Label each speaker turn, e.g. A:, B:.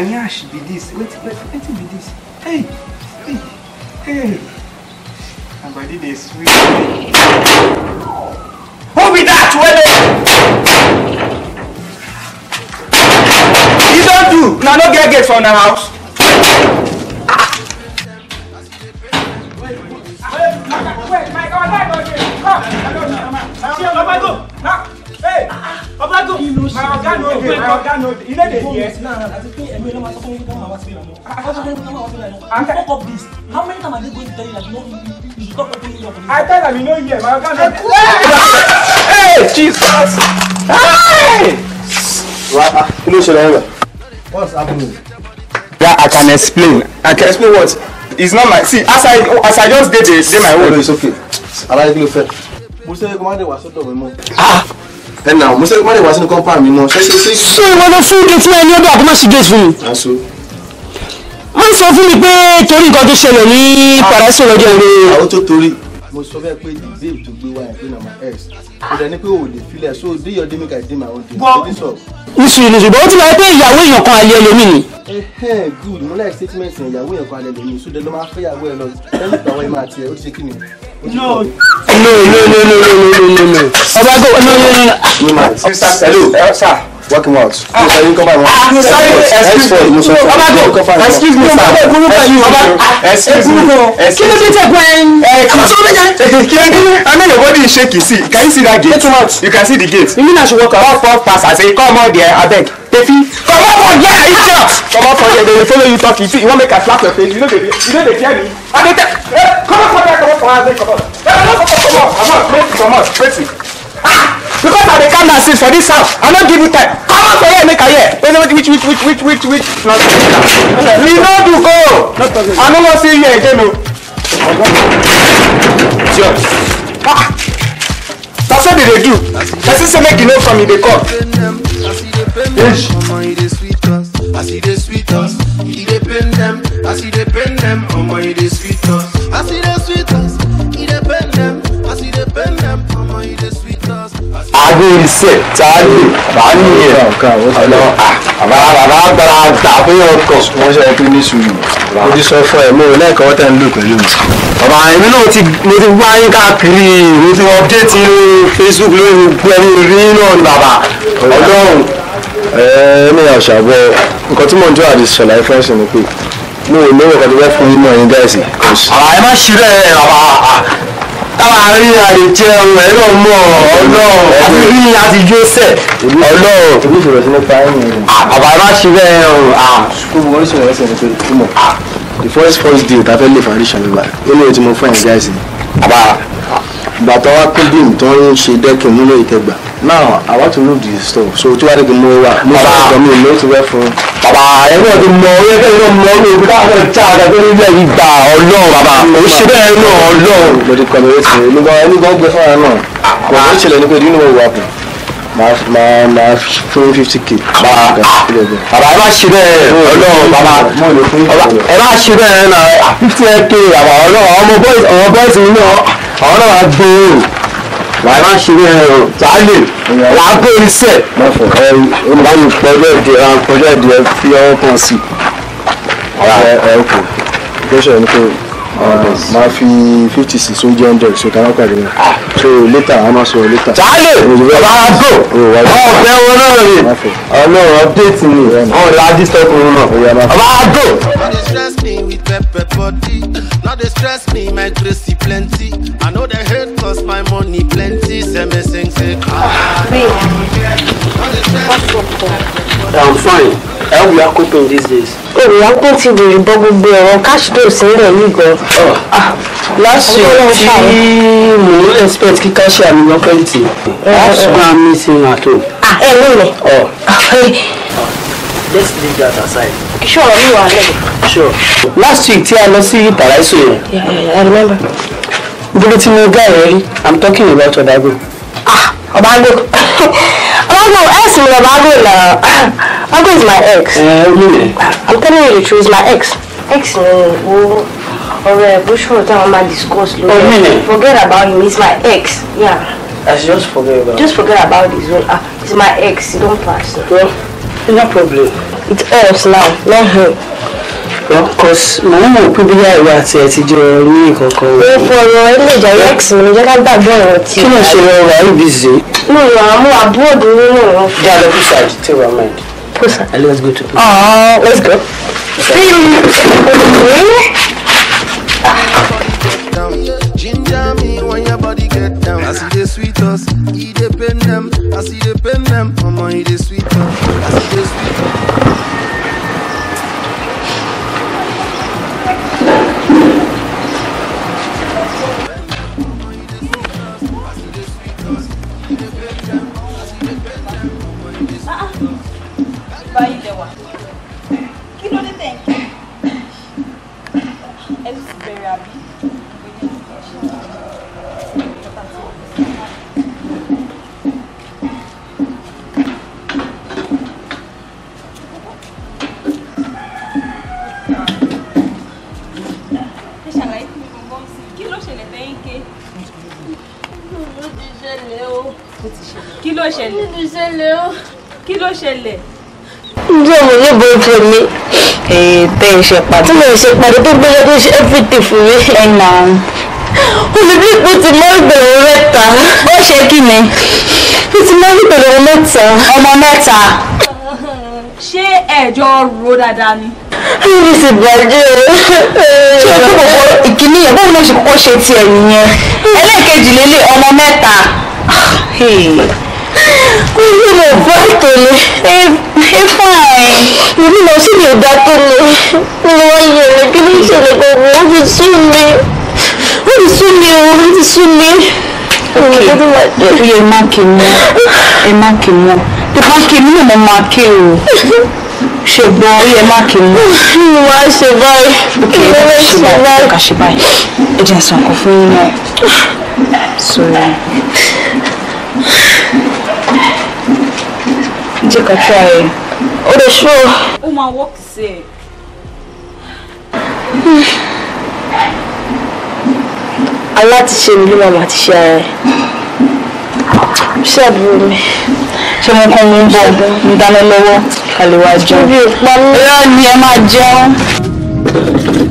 A: yansh be dis wetin be this. hey hey hey my body dey sweet who be that? wey dey. you don do na no get gate for una house. Obago, my ọ̀gá no dey, my ọ̀gá no dey, e no dey here way na masoko yung kama was sila mo. Masoko yung kama was sila mo. Fuck up How many times are they going to tell you that you know you should stop opening your police? I tell them you know here, my God. Hey, Jesus! Hey! what? kí ló ṣẹlẹ̀ yẹn? What's happening? Yeah, I can explain. I can explain what? It's not my see as I as I just dey dey my own. No, it's okay. Alaye kí ló fẹ́? Mo ṣe é kó má dé wàásù dọ̀gbẹ́ mọ́. Ah! ẹnna mo ṣe má lè wá sínú compound mi mọ́ ṣe ṣe ṣe. ṣé ìwọ ló fún gate náà ní ọdọ àbúmọ̀ sí gate fún mi. aṣọ. wọ́n sọ fún mi pé torí nǹkan tó ṣẹlẹ̀ ní paraṣẹ́ lọ́jọ́ ìwé. àwọn tó torí mo sọ fẹ́ pé the tó gbé wáyà pé na my ex kò dẹ̀ ni pé o lè filẹ̀ so do your day make I dey my own day baby sọ. nṣu ìlú ṣùgbọ́n ó ti máa pé ìyàwó èèyàn kan alẹ́ lomi ni. good mo like statement ìyàwó èèyàn kan alẹ́ lomi so dẹ̀ ló máa fẹ́ ìyàwó ẹ lọ lẹ́yìn ìgbà wọn ẹ máa tiẹ̀ ó ti ṣe kí No. No, no, no, no, no, no, no, no. Ọba go, no, no, no. No, No. No. sir. Work him ah. out. Ah, no, sir, you come by one. Ah, no, sorry. Excuse me. No, sir. Ọba go. Excuse me, sir. Ọba go, by you. Ọba. Excuse me. Kí ló dé tẹ̀kọ́ eh, ẹ̀? Kí ló dé tẹ̀kọ́ ẹ̀? I mean, your body is shaky. See, can you see that gate? Get him out. You can see the gate. You mean I should walk out? Off, off, pass. I say, come out there, abeg. Baby, come up on yeah, idiot! Come up on here. they follow you talk. You see, you want make I slap your face? You know they, you know they hear me. And they tell, hey, come up on yeah, come up on yeah, come on. Come on, come on, come on, come on, Come on, because I dey calm down since for this house, I no give you time. Come up on yeah, make I hear. Wait, wait, which, which, which, which, which, which, not Me no do go. I no wan see you again, o. Oh. Idiot. Ah, that's what they dey do. Person say make you know from you dey come. Omo, e dey sweet us, as e dey sweet us, e dey pain dem, as e dey pain dem. Omo, e dey sweet us, as e dey sweet us, e dey pain dem, as e dey pain dem. Omo, e dey sweet us. Adé ìṣe tààlì báyìí yẹn ọ̀nà àbára àbára tàbí ọkọ̀. Wọ́n ṣe pé ní sùúrù. Mo ti sọ fún ẹ, mo ò lẹ́ẹ̀kan wọ́n tẹ̀ ń lò pẹ̀lú mi. Bàbá èmi náà ti mo ti wá yín káàkiri mo ti update Facebook lórí gbogbo ẹni rí náà bàbá Ọlọ́run ẹ ní àṣàbọ nǹkan tí mò ń jọra di ṣàlàyé fẹ́ǹsì ni pé mo ò lówó kan tó fẹ́ fún yín náà yín gáàsì. àwa ah, ẹ má ṣírẹ àwa táwa rí àlè jẹun ẹ náà mọ Ọlọ́run àti rí àti jọsẹ Ọlọ́run. ìbí ah, ìṣòro sí nípa ẹ̀yìn rẹ. àbá ẹ má ṣírẹ ọrùn. Ah. gbogbo oríṣi rẹ ṣe ni pé kí mọ. the first first day ta fẹ́ lè fàárí ṣàlùbà nínú ètò mo fún yín gáàsì. àbá bàtà wa pín bí nǹkan ń ṣe dẹ́kun nínú ìtẹ̀gbà now i want to remove the stove so tí wàá di mọ wa mo bá gbọmí ìlú ti wẹ fún. bàbá ẹgbẹ́ ti mọ orí ẹgbẹ́ ti mọ orí ibi káfíń tí a gbàgbé nílẹ̀ yìí gbà ọlọ́run bàbá òun ṣe bẹ́ẹ̀ náà ọlọ́run. mo ti kọ́ mi létí ẹni gbọ́ ẹni gbọ́ gbé fúnra náà kò ní ìṣẹ̀lẹ̀ ní pé ìdí ni mo wà bù máa máa fún fifty k. bàbá ah, bàbá ẹ má ṣe bẹ́ẹ̀ ọlọ́run bàbá ẹ má ṣe bẹ́ẹ̀ náà fifty k àwọn ọlọ́run àwọn ọmọ bọ́ìsì náà àwọn náà wà gbòòrò wà á ṣeré ẹ̀rọ tàálè wà á bó iṣẹ́ ẹ̀rù olùbánipọ̀lẹ̀ di ẹ̀rànpọ̀lẹ̀ di ẹ̀ fi ọwọ́ kan sí ẹ̀ ẹ̀ kò gbéṣẹ́ ní pé máa um, fi fifty six ó jẹ́ hundred so kàrá pàdé náà ah. so later a máa sọ later. tàálè bàbá àgbo ọ̀fẹ́ wọn náà rè ọlọ́run update ni ọ̀la dísẹ́kùn náà oh, bàbá àgbo me with pepper body. Now they stress me, my gracie plenty. I know they hate cause my money plenty. Say me say, ah. I'm fine. How we are coping these days? Oh, we are coping the rebuggable bear. Cash those in there, you go. Oh. Ah. last year we mo no expect kí cashier mi lọ́kẹ́ntì ṣùgbọ́n i'm missing at home. ẹ ah, eh, lónìí. Oh. Ah, eh let's leave that aside. Okay, ọ̀rọ̀ mi wà sure last week tí a lọ sí Paraiso yẹn. yeah yeah I remember. ibi tí mo gá ẹ̀ rí I'm talking about ọ̀dàgbò. ah ọ̀dàgbò ọ̀dàgbò ex mi ọ̀dàgbò na ọ̀dàgbò is my ex. ẹ eh, ẹ I'm telling you the truth my ex. ex no. wo ọ̀rọ̀ ẹ̀ bó ṣòro táwọn máa discuss Oh, ẹ̀ forget about him he's my ex. yeah. I just forget about Just forget about this one. Ah, he's my ex. Don't pass. Well. No problem. It's us now, Let her. Of course, mo ń mọ̀ pé bóyá ìwà àti ẹ̀ ti jọ ní ìkọ̀kọ̀ rẹ̀. Mo fọ̀rọ̀ ilé ìjà Rex mi jẹ́ ká gbàgbé ọ̀rọ̀ tí. Kí ló ṣe lọ wà ní bìzì? Mo rà á mú abroad No, no, no. Dá lọ písà àti tí wàá mind. Písà. Let's go to písà. Aww, let's go. See you. ṣẹlẹ̀? kí ló ṣẹlẹ̀ o? kí ló ṣẹlẹ̀? ǹjẹ́ mo ní bójú mi tẹ́ ẹ ṣe pàdé. tí mo ṣe pàdé tó gbé lọ́dún ṣe everything fún mi. ẹ nà án. olùdíje ti mọ ìgbẹ̀rún mẹ́ta. ó ṣe kí ni? ó ti mọ ìgbẹ̀rún mẹ́ta. ọmọ mẹ́ta. ṣé ẹ̀jọ̀ ro dáadáa ni? níbi sì bàjẹ́ ṣé o kó gbogbo ìkíní yẹn bóun náà ṣe kókó ṣe tiẹ̀ nìyẹn ẹlẹ́ẹ̀kejì lélẹ̀ ọmọ mẹ́ta. Kúrò lè bá ètò ni. Ẹ fà ẹ̀. Ìlú lọ sí ìlú ìgbà ni. Mo lọ wá yẹ ẹ̀rẹ́ kí ló ń ṣẹlẹ̀ gbogbo. Ó ti sú mi. Ó ti sú mi o. Ó ti sú mi. Okay. Oye ẹ má kì mọ́. Ẹ má kì mọ́. Ẹ má kì mọ́ mo máa ké o. Ṣègbọ́n oye ẹ má kì mọ́. Mo máa ṣe báyìí. Ókè ẹ ṣe báyìí. Ẹ jẹ́ sọ̀kan fún yín náà. Sọ̀rọ̀. take a try. Oh, the show. Ó oh, máa work sí ẹ̀. Aláti ṣe mi ló máa share. ti ṣe ara ẹ̀. Ṣé àbúrò mi? Ṣé mo kàn mú bọ̀ ń dáná lọ́wọ́? Kàlè wá jẹun. Ìyá ni ẹ máa jẹun.